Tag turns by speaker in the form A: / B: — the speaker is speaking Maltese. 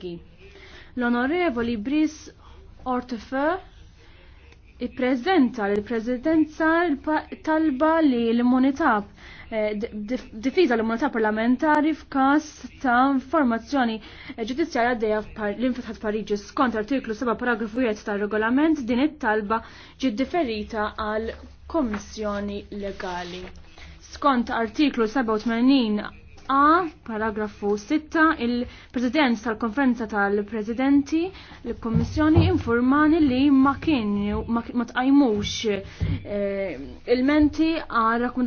A: kollegi. L-Onorevoli Bris Ortefe prezenta l presidenza talba li l-immunità eh, difiza l-immunità parlamentari f'każ ta' informazzjoni ġudizzjarja dejja l-infetħat Pariġi skont artiklu 7 paragrafu 1 tar-regolament din it-talba ġid deferita għal Komissjoni Legali. Skont artiklu 87 A, paragrafu 6, il-President tal-Konferenza tal-Presidenti, l-Kommissjoni informani li ma kien, ma tqajmux eh, il-menti għal